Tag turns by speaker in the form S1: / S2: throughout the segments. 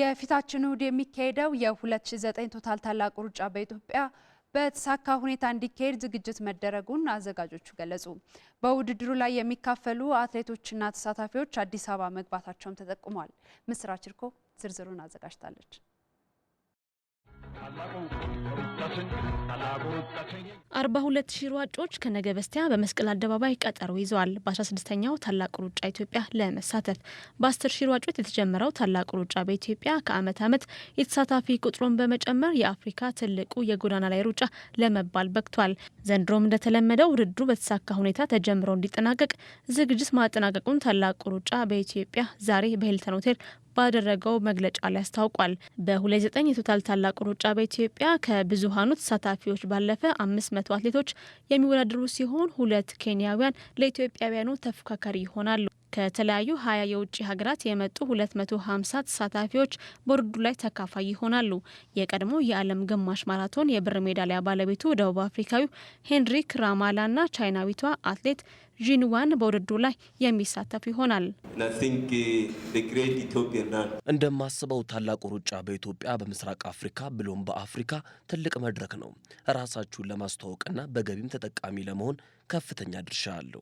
S1: የፊታችን እሁድ የሚካሄደው የ2009 ቶታል ታላቁ ሩጫ በኢትዮጵያ በተሳካ ሁኔታ እንዲካሄድ ዝግጅት መደረጉን አዘጋጆቹ ገለጹ። በውድድሩ ላይ የሚካፈሉ አትሌቶችና ተሳታፊዎች አዲስ አበባ መግባታቸውም ተጠቁሟል። ምስራች እርኮ ዝርዝሩን አዘጋጅታለች።
S2: አርባ ሁለት ሺህ ሯጮች ከነገ በስቲያ በመስቀል አደባባይ ቀጠሮ ይዘዋል በ16ኛው ታላቁ ሩጫ ኢትዮጵያ ለመሳተፍ። በ10 ሺህ ሯጮች የተጀመረው ታላቁ ሩጫ በኢትዮጵያ ከአመት ዓመት የተሳታፊ ቁጥሩን በመጨመር የአፍሪካ ትልቁ የጎዳና ላይ ሩጫ ለመባል በቅቷል። ዘንድሮም እንደተለመደው ውድድሩ በተሳካ ሁኔታ ተጀምሮ እንዲጠናቀቅ ዝግጅት ማጠናቀቁን ታላቁ ሩጫ በኢትዮጵያ ዛሬ በሂልተን ሆቴል ባደረገው መግለጫ ላይ አስታውቋል። በ29 የቶታል ታላቁ ሩጫ በኢትዮጵያ ከብዙሃኑ ተሳታፊዎች ባለፈ 500 አትሌቶች የሚወዳደሩ ሲሆን ሁለት ኬንያውያን ለኢትዮጵያውያኑ ተፎካካሪ ይሆናሉ። ከተለያዩ ሀያ የውጭ ሀገራት የመጡ 250 ተሳታፊዎች በውድድሩ ላይ ተካፋይ ይሆናሉ። የቀድሞ የዓለም ግማሽ ማራቶን የብር ሜዳሊያ ባለቤቱ ደቡብ አፍሪካዊው ሄንሪክ ራማላ እና ቻይናዊቷ አትሌት ዢንዋን በውድድሩ ላይ የሚሳተፍ ይሆናል።
S3: uh,
S4: እንደማስበው ታላቁ ሩጫ በኢትዮጵያ በምስራቅ አፍሪካ ብሎም በአፍሪካ ትልቅ መድረክ ነው። ራሳችሁን ለማስተዋወቅና በገቢም ተጠቃሚ ለመሆን ከፍተኛ ድርሻ አለው።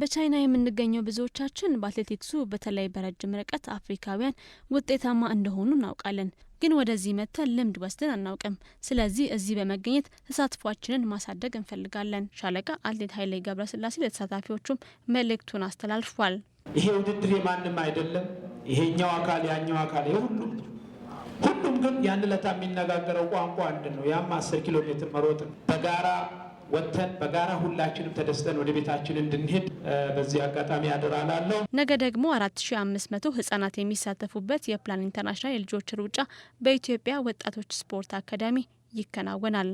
S2: በቻይና የምንገኘው ብዙዎቻችን በአትሌቲክሱ በተለይ በረጅም ርቀት አፍሪካውያን ውጤታማ እንደሆኑ እናውቃለን። ግን ወደዚህ መጥተን ልምድ ወስደን አናውቅም። ስለዚህ እዚህ በመገኘት ተሳትፏችንን ማሳደግ እንፈልጋለን። ሻለቃ አትሌት ኃይሌ ገብረስላሴ ለተሳታፊዎቹም መልእክቱን አስተላልፏል።
S5: ይሄ ውድድር የማንም አይደለም። ይሄኛው አካል ያኛው አካል የሁሉም ሁሉም ግን ያን ለታ የሚነጋገረው ቋንቋ አንድ ነው። ያም አስር ኪሎ ሜትር መሮጥ በጋራ ወጥተን በጋራ ሁላችንም ተደስተን ወደ ቤታችን እንድንሄድ በዚህ አጋጣሚ አደራ
S2: ነገ ደግሞ 4500 ህጻናት የሚሳተፉበት የፕላን ኢንተርናሽናል የልጆች ሩጫ በኢትዮጵያ ወጣቶች ስፖርት አካዳሚ ይከናወናል።